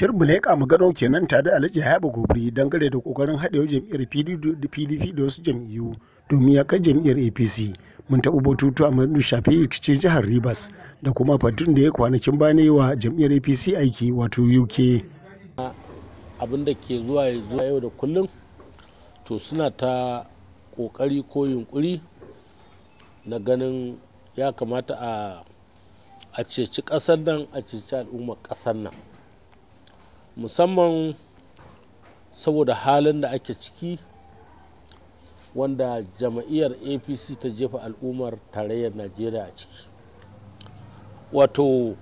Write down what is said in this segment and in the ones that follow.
shirin buleka magano kenan ta da alhaji hayaba gobiri dangane da kokarin haɗewa jam'iyyar pdp da wasu jam'iyyu domin ya kai jam'iyyar apc mun taɓa batutu a madu shafi rikice jihar rivers da kuma fatun da ya kwanakin bane wa jam'iyyar apc aiki wato uk abin da ke zuwa zuwa yau da kullum to suna ta kokari ko yunkuri na ganin ya kamata a ceci ƙasar nan a ceci al'ummar ƙasar nan musamman saboda halin da ake ciki wanda jama'iyyar apc ta jefa al'ummar tarayyar najeriya a ciki wato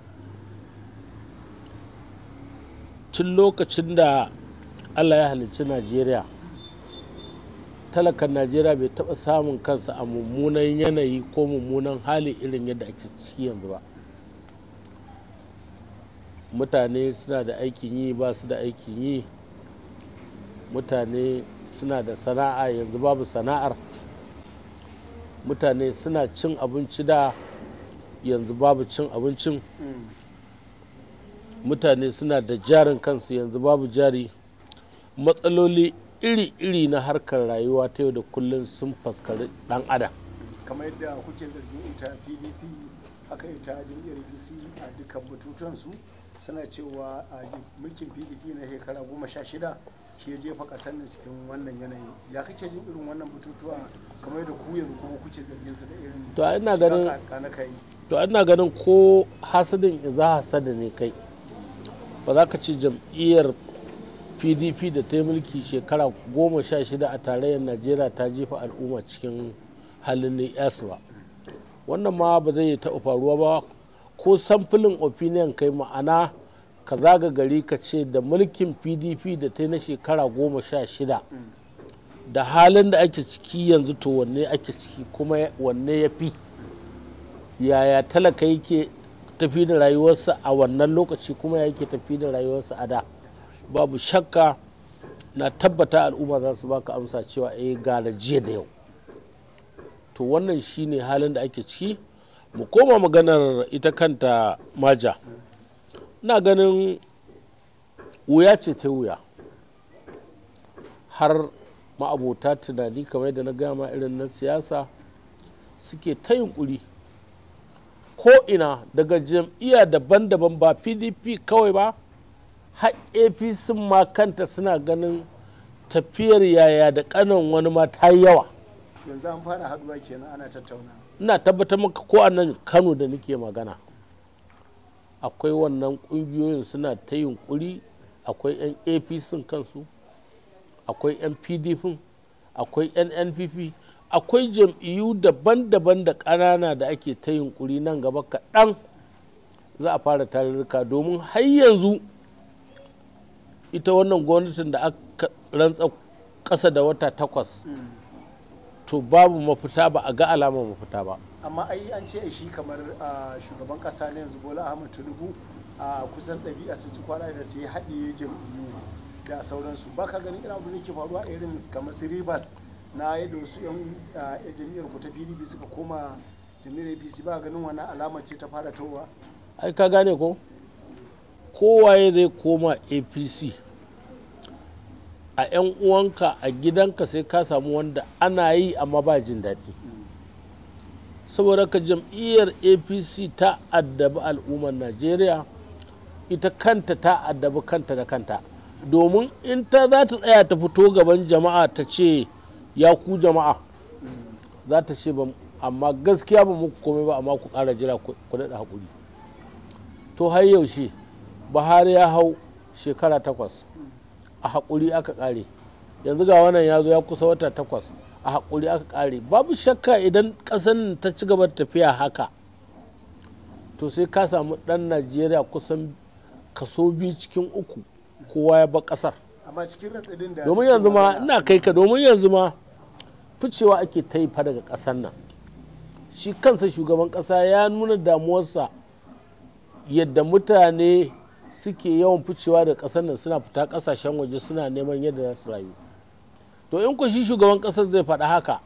tun lokacin da allah ya halicci najeriya talakan najeriya bai taɓa samun kansa a mummunan yanayi ko mummunan hali irin yadda ake ciki yanzu ba mutane suna da aikin yi ba su da aikin yi mutane suna da sana'a yanzu babu sana'ar mutane suna cin abinci da yanzu babu cin abincin mutane suna da jarin kansu yanzu babu jari matsaloli iri-iri na harkar rayuwa ta yau da kullum sun faskari dan adam kamar yadda kuke zargin ita pdp haka ita jam'iyyar a dukkan su suna cewa a mulkin pdp na shekara goma sha shida shi ya jefa kasar nan cikin wannan yanayi ya kake jin irin wannan batutuwa kamar da ku yanzu kuma kuke zargin su da irin to ina ganin to ina ganin ko hasadin za hasada ne kai ba za ka ce jam'iyyar pdp da ta yi mulki shekara goma sha shida a tarayyar najeriya ta jefa al'umma cikin halin ne ba wannan ma ba zai taɓa faruwa ba ko samfulin opinion kai ma'ana ka zaga gari ka ce da mulkin pdp da ta na shekara goma sha shida da halin da ake ciki yanzu to wanne ake ciki kuma wanne ya fi yaya talaka yake tafi da rayuwarsa a wannan lokaci kuma yake tafi da rayuwarsa a da babu shakka na tabbata al'umma za su baka amsa cewa eh gara jiya da yau to wannan shine halin da ake ciki mu koma maganar ita kanta maja na ganin wuya ce ta wuya har ma'abota tunani kamar yadda na gama irin na siyasa suke ta yunkuri ina daga jam'iyya daban-daban ba pdp kawai ba har apc ma kanta suna ganin tafiyar yaya da kanan wani ma ta yawa yanzu an fara haduwa kenan ana tattauna ina tabbatar maka ko a nan kano da nake magana akwai wannan kungiyoyin suna ta yunkuri akwai 'yan apc kansu akwai 'yan pdp akwai 'yan npp akwai jam'iyyu daban-daban da ƙanana da ake ta yunkuri nan gaba kaɗan za a fara tarurruka domin har yanzu ita wannan gwamnatin da aka rantsa ƙasa da wata takwas mm. to babu mafita ba a ga alamar mafita ba amma ai an ce shi kamar shugaban kasa ne yanzu bola ahmad tinubu a kusan ɗabi'a su ci kwana da sai haɗe jam'iyyu da sauransu ba ka ganin irin abin da ke faruwa irin kamar su ribas na yadda wasu yan jam'iyyar ku ta pdp suka koma jam'iyyar apc ba ganin wani alama ce ta fara towa ai ka gane ko kowaye zai koma apc a 'yan uwanka a gidanka sai ka samu wanda ana yi amma ba jin daɗi saboda ka jam'iyyar apc ta addabi al'ummar najeriya ita kanta ta addabi kanta da kanta domin in ta za ta tsaya ta fito gaban jama'a ta ce ya ku jama'a za ta ce amma gaskiya ba muku komai ba amma ku ƙara jira ku daɗa haƙuri to har yaushe buhari ya hau shekara takwas a haƙuri aka ƙare yanzu ga wannan ya zo ya kusa wata takwas a haƙuri aka ƙare babu shakka idan ƙasan ta ci gaba tafiya haka to sai ka samu ɗan najeriya kusan kaso biyu cikin uku kowa ya ba ƙasar domin yanzu ma ina kai ka domin yanzu ma ficewa ake ta fa daga ƙasar nan shi kansa shugaban ƙasa ya nuna damuwarsa yadda mutane suke yawan ficewa da ƙasar nan suna fita ƙasashen waje suna neman yadda za su rayu to in ku shi shugaban ƙasar zai faɗi haka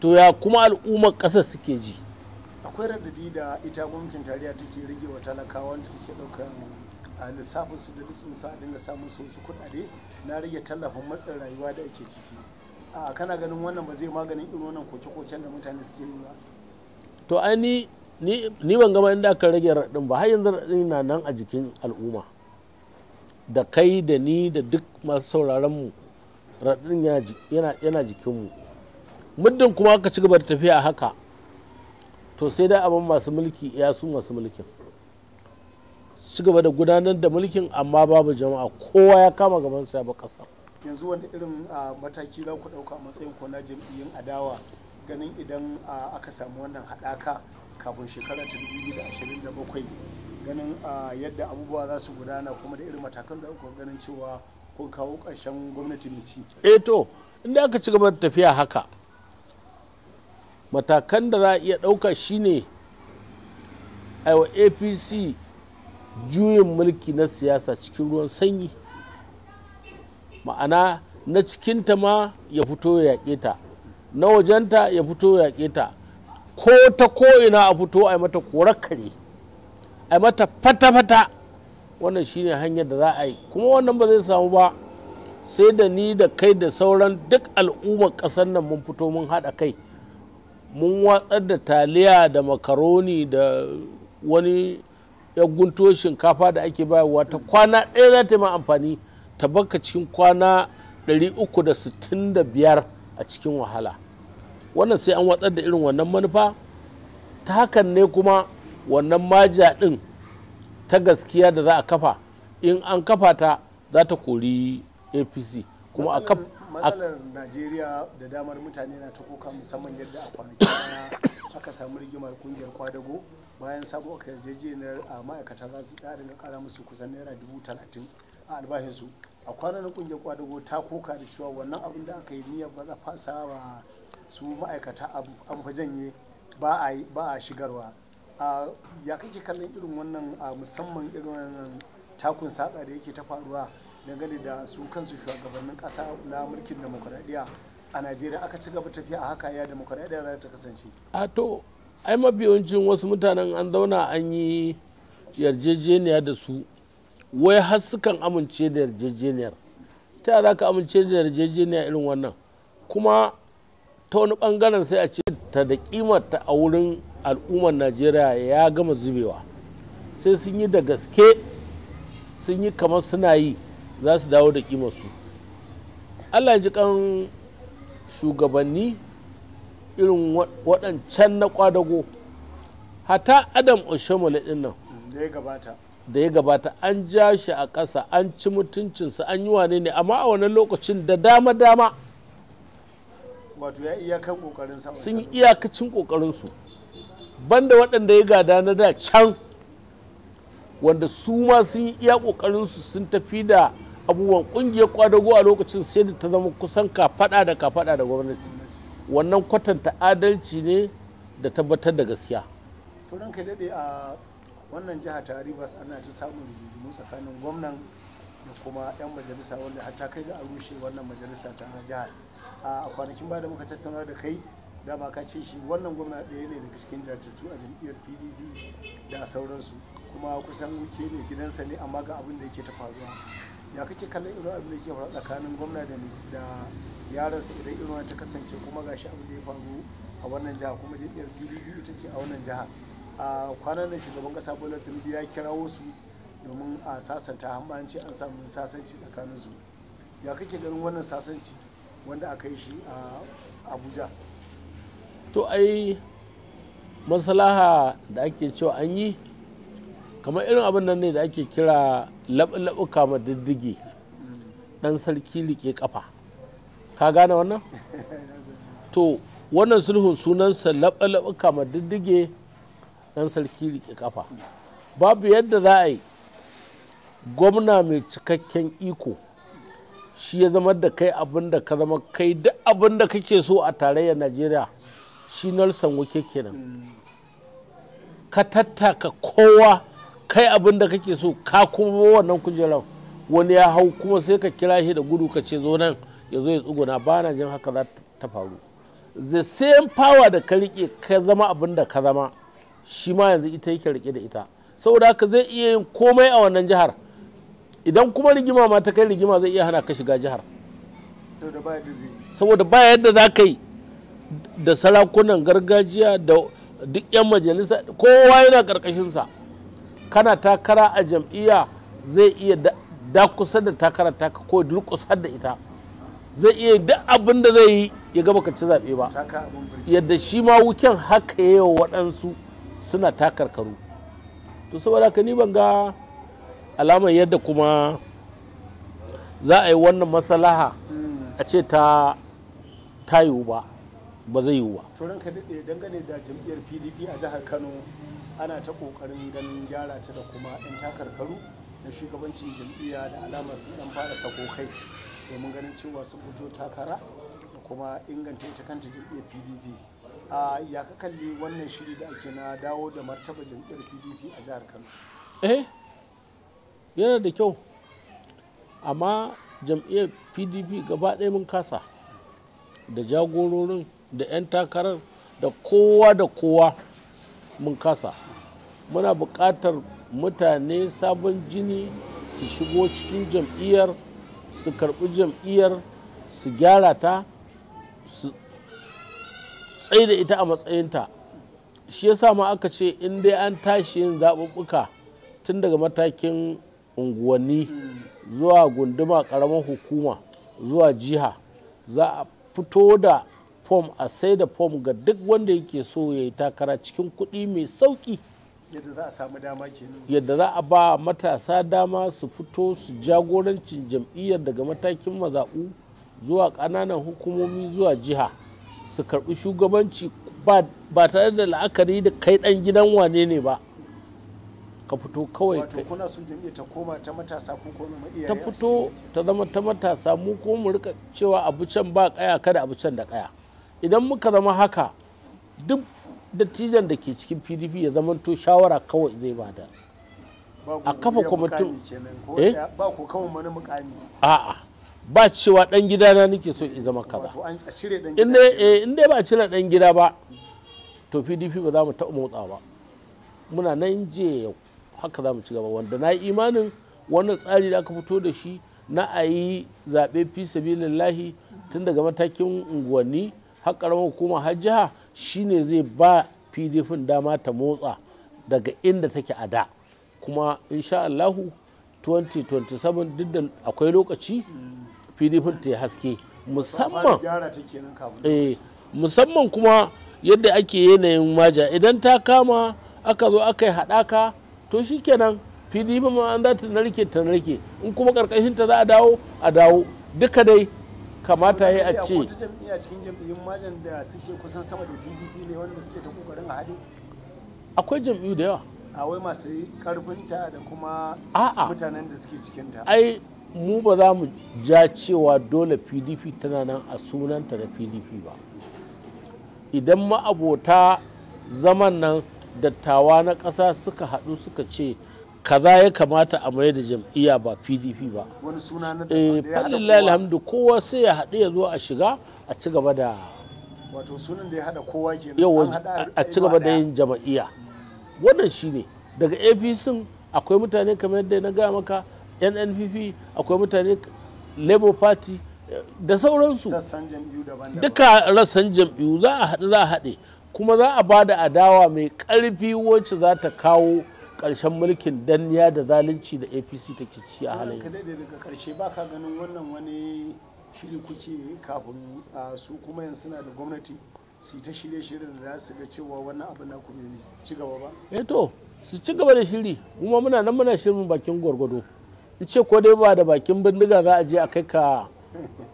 to ya kuma al'ummar ƙasar suke ji akwai radadi da ita gwamnatin tarayya take rage wa talakawa wanda take ɗaukar lissafin su da lissin su a dinga samun su su kuɗaɗe na rage tallafin matsin rayuwa da ake ciki a kana ganin wannan ba zai maganin irin wannan koke-koken da mutane suke yi ba to ani ni ban gama inda aka rage raɗin ba har yanzu raɗin na nan a jikin al'umma da kai da ni da duk masu sauraron mu raɗin yana jikinmu muddin kuma aka ci gaba da tafiya haka to sai dai abin masu mulki ya su masu mulkin ci gaba da gudanar da mulkin amma babu jama'a kowa ya kama gaban sa ba kasa. yanzu wani irin mataki za ku ɗauka a matsayin ko na jam'iyyun adawa ganin idan aka samu wannan haɗaka kafin shekara ta 2027 ganin a ah, yadda abubuwa za su gudana kuma da irin matakan da aka ganin cewa kun kawo ƙarshen gwamnati mai ci. eh to inda aka ci gaba da tafiya haka matakan da za a iya ɗauka shine aiwa apc juyin mulki na siyasa cikin ruwan sanyi ma'ana na cikinta ma ya fito ya yaƙe ta na wajenta ya fito ya yaƙe ta ko ta ko'ina a fito a yi mata korar kare a yi mata fata-fata wannan shine hanyar da za a yi kuma wannan ba zai samu ba sai da ni da kai da sauran duk al'ummar ƙasar nan mun fito mun haɗa kai mun watsar da taliya da makaroni da wani ya guntu shinkafa da ake bayarwa ta kwana ɗaya za ta yi amfani ta baka cikin kwana 365 a cikin wahala. wannan sai an watsar da irin wannan manufa ta hakan ne kuma wannan maja ɗin ta gaskiya da za a kafa in an kafa ta za ta kori apc kuma a kafa matsalar najeriya da damar mutane na ta kuka musamman yadda a kwanaki aka samu rigimar kungiyar kwadago bayan sabo aka yarjejeniyar a ma'aikata za su ga kara musu kusan naira dubu talatin a albashinsu a kwanan kungiyar kwadago ta koka da cewa wannan abin da aka yi niyyar ba za fasa su ma'aikata an fi janye ba a shigarwa ya kake kallon irin wannan a musamman irin wannan takun saƙa da yake ta faruwa dangane da su kansu shugabannin ƙasa na mulkin demokuraɗiyya a najeriya aka ci gaba tafiya a haka ya demokuraɗiyya za ta kasance a to ai mabiyancin wasu mutanen an zauna an yi yarjejeniya da su wai har sukan amince da yarjejeniyar ta za ka amince da yarjejeniya irin wannan kuma ta wani bangaren sai a ce ta da kimarta a wurin al'ummar najeriya ya gama zubewa sai sun yi da gaske sun yi kamar suna yi za su dawo da su allah ji kan shugabanni irin waɗancan na kwadago hata adam oshomole ɗin nan da ya gabata an ja shi a ƙasa an ci mutuncinsa an yi wane ne amma a wani lokacin da dama-dama wato ya iyakan kokarin sa sun yi iyakacin kokarin su banda waɗanda ya gada na da can wanda su ma sun yi iya kokarin su sun tafi da abubuwan kungiyar kwadago a lokacin sai da ta zama kusan kafada da kafada da gwamnati wannan kwatanta adalci ne da tabbatar da gaskiya turan kai daɗe a wannan jiha ta rivers ana ta samun rigingimu tsakanin gwamnan da kuma 'yan majalisa wanda har kai ga a rushe wannan majalisa ta jihar a kwanakin ba da muka tattauna da kai dama ka ce shi wannan gwamna ɗaya ne daga cikin jajirtu a jam'iyyar pdp da sauransu kuma kusan wuke ne gidansa ne amma ga abin da yake ta faruwa ya kake kallon irin abin da yake faruwa tsakanin gwamna da da yaransa idan irin ta kasance kuma gashi abin da ya faru a wannan jiha kuma jam'iyyar pdp ita ce a wannan jiha a kwanan nan shugaban kasa bola tinubu ya kirawo su domin a sasanta hambanci an samu sasanci tsakaninsu ya kake ganin wannan sasanci wanda aka yi shi a abuja to ai maslaha da ake cewa an yi kamar irin abin nan ne da ake kira laɓuka ma diddigi ɗan sarki liƙe ƙafa ka gane wannan to wannan sulhun sunansa laɓuka ma diddige ɗan sarki liƙe ƙafa babu yadda za a yi gwamna mai cikakken iko shi ya zama da kai abin da ka zama kai duk abin da kake so a tarayyar najeriya shi nelson wake kenan ka tattaka kowa kai abin da kake so ka kuma wannan kujerar wani ya hau kuma sai ka kira shi da gudu ka ce zo nan ya zo ya tsuguna ba na jin haka za ta faru the same power da ka rike ka zama abin da ka zama shi ma yanzu ita yake rike da ita saboda haka zai iya yin komai a wannan jihar idan kuma rigima ma ta kai rigima zai iya hana ka shiga jihar saboda ba yadda za ka yi da sarakunan gargajiya da duk 'yan majalisa kowa yana karkashinsa kana takara a jam'iyya zai iya da kusa da takara ta ko durkusa da ita zai iya duk abin da zai yi ya gaba ka ci zaɓe ba yadda shi ma wuken haka yawa waɗansu suna takarkaru to saboda ka ni ban ga alamar yadda kuma za a yi wannan masalaha a ce ta ta ba ba zai yiwu ba. turan ka daɗe dangane da jam'iyyar pdp a jihar kano ana ta ƙoƙarin ganin gyara ta da kuma 'yan takarkaru da shugabancin jam'iyya da alamar sun ɗan fara sako kai domin ganin cewa sun fito takara da kuma inganta ita kanta jam'iyyar pdp a ya ka kalli wannan shiri da ake na dawo da martaba jam'iyyar pdp a jihar kano. eh yana da kyau amma jam'iyyar pdp gaba ɗaya mun kasa da jagororin da 'yan takarar da kowa da kowa mun kasa muna buƙatar mutane sabon jini su shigo cikin jam'iyyar su karɓi jam'iyyar su gyara ta su da ita a matsayinta shi yasa ma aka ce in dai an tashi yin zaɓuɓɓuka tun daga matakin unguwanni zuwa gunduma karamar hukuma zuwa jiha za a fito da fom a sai da fom ga duk wanda yake so ya yi takara cikin kuɗi mai sauƙi yadda za a yadda za a ba matasa dama su fito su jagorancin jam'iyyar daga matakin mazaɓu zuwa ƙananan hukumomi zuwa jiha su karɓi shugabanci ba tare da la'akari da kai ɗan gidan wane ne ba ka fito kawai wato kuna son jami'a ta koma ta matasa ko ko iyaye ta fito ta zama ta matasa mu ko mu rika cewa abu can ba kaya kada abu can da kaya idan muka zama haka duk dattijan da ke cikin pdp ya zama to shawara kawai zai bada a kafa kwamitin eh ba ku kawai mana mukami a'a ba cewa dan gidana nake so in zama kaza eh, in dai ba cire dan gida ba to pdp ba za mu taɓa motsa ba muna nan je haka za mu ci gaba wanda na yi imanin wannan tsari da aka fito da shi na a yi zaɓe fi sabilillahi tun daga matakin unguwanni har ƙaramar hukuma har jiha shine zai ba pdf dama ta motsa daga inda take a da kuma insha allahu 2027 duk da akwai lokaci pdf ta yi haske musamman eh, musamman kuma yadda ake yanayin maja idan ta kama aka zo aka yi haɗaka to kenan pdp ma an za ta narke ta narke in kuma karkashin ta za a dawo a dawo duka dai kamata ya a ce akwai jam'iyyu da yawa a wai masu karfinta da kuma mutanen da suke cikinta ai mu ba za mu ja cewa dole pdp tana nan a sunanta da pdp ba idan ma'abota zaman nan dattawa na ƙasa suka haɗu suka ce kaza ya kamata a mai da jam'iyya ba pdp ba wani suna na eh, da alhamdu kowa sai ya haɗu ya zo a shiga a ci gaba da wato sunan da ya haɗa kowa ke yawa a ci gaba da yin jama'iyya wannan shine daga apc akwai mutane kamar yadda na gaya maka nnpp akwai mutane labour party eh, da sauransu duka rassan jam'iyyu za a za a haɗe kuma za a ba da adawa mai ƙarfi wacce za ta kawo ƙarshen mulkin danniya da zalunci da apc ta ci a halin daga ƙarshe ba ka ganin wannan wani shiri kuke kafin su kuma yanzu suna da gwamnati su ta shirye shirye da za su ga cewa wannan abu na ku ci gaba ba eh to su ci gaba da shiri kuma muna nan muna shirin bakin gwargwado in ce ko dai ba da bakin bindiga za a je a kai ka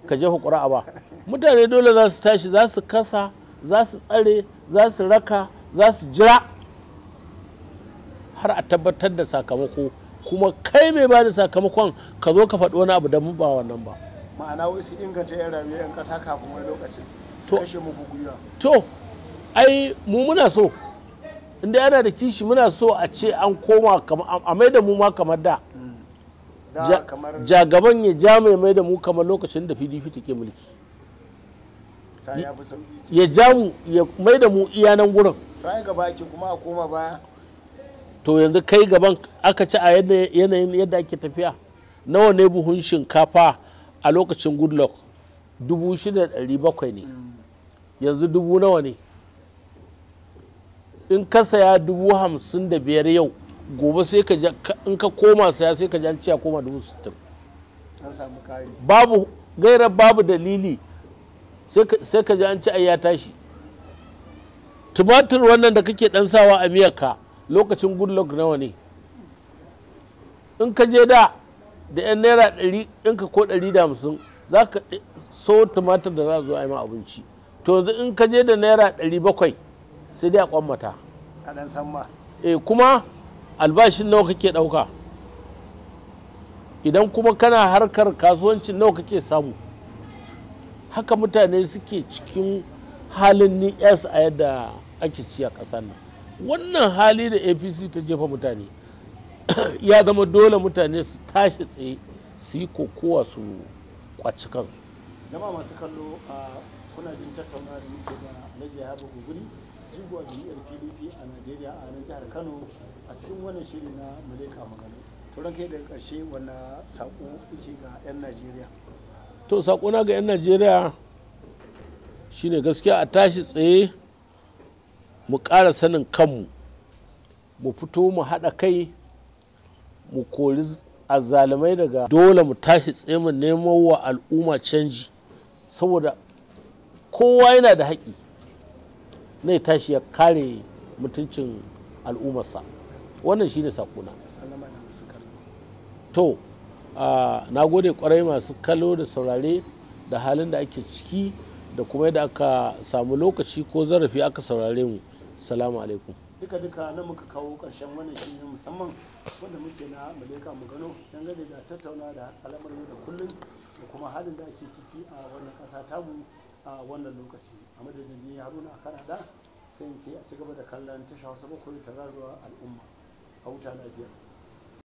ka jefa ƙura'a ba mutane dole za su tashi za su kasa za su tsare za su raka za su jira har a tabbatar da sakamako kuma kai mai ba da sakamakon ka zo ka faɗi wani abu da mu ba wannan ba ma'ana su inganta yan rayuwa yan ƙasa kafin wani lokaci su kashe mu guguwa to ai mu muna so inda yana da kishi muna so a ce an koma a mai da mu ma kamar da hmm. jagaban ya ja mai mai da mu kamar lokacin da pdp take mulki ya ja mu ya mai da mu iya nan gurin to ai gaba ki kuma a koma baya to yanzu kai gaban aka ci a yanayin yadda ake tafiya nawa ne buhun shinkafa a lokacin goodluck dubu shida ɗari bakwai ne yanzu dubu nawa ne in ka saya dubu hamsin da biyar yau gobe sai ka ja in ka koma saya sai ka janci ciya koma dubu sittin babu gairar babu dalili sai ka ji an ci ya tashi tumatir wannan da kake dan sawa a miyarka lokacin goodluck nawa ne in ka je da da yan naira ɗari ɗinka ko ɗari da hamsin za ka so tumatir da za a zo a yi ma abinci to in ka je da naira ɗari bakwai sai dai a kwammata a ɗan samma eh kuma albashin nawa kake ɗauka idan kuma kana harkar kasuwancin nawa kake samu haka mutane suke cikin halin ni a yadda ake ci a ƙasar nan wannan hali da apc ta jefa mutane ya zama dole mutane su tashi tsaye su yi kokowa su kwaci kansu jama'a masu kallo kuna jin tattauna da muke da alhaji habu guguri jigo a jami'ar pdp a najeriya a nan jihar kano a cikin wannan shiri na maleka magana turan kai daga ƙarshe wannan saƙo yake ga 'yan najeriya to sakona ga 'yan najeriya shine gaskiya a tashi tsaye mu ƙara sanin kanmu mu fito mu haɗa kai mu kori azzalumai daga dole mu tashi tsaye mu nemo wa al'umma canji saboda kowa yana da haƙƙi na ya tashi ya kare mutuncin al'ummarsa wannan shine sakona to na gode kwarai masu kallo da saurare da halin da ake ciki da kuma yadda aka samu lokaci ko zarafi aka saurare mu salamu alaikum duka duka na muka kawo karshen wannan shi musamman wanda muke na malaika mu gano dangane da tattauna da al'amarin da kullum da kuma halin da ake ciki a wannan kasa mu a wannan lokaci a madadin ne haruna a kanada sai in ce a ci gaba da kallon tasha wasu bakwai ta al'umma a wuta lafiya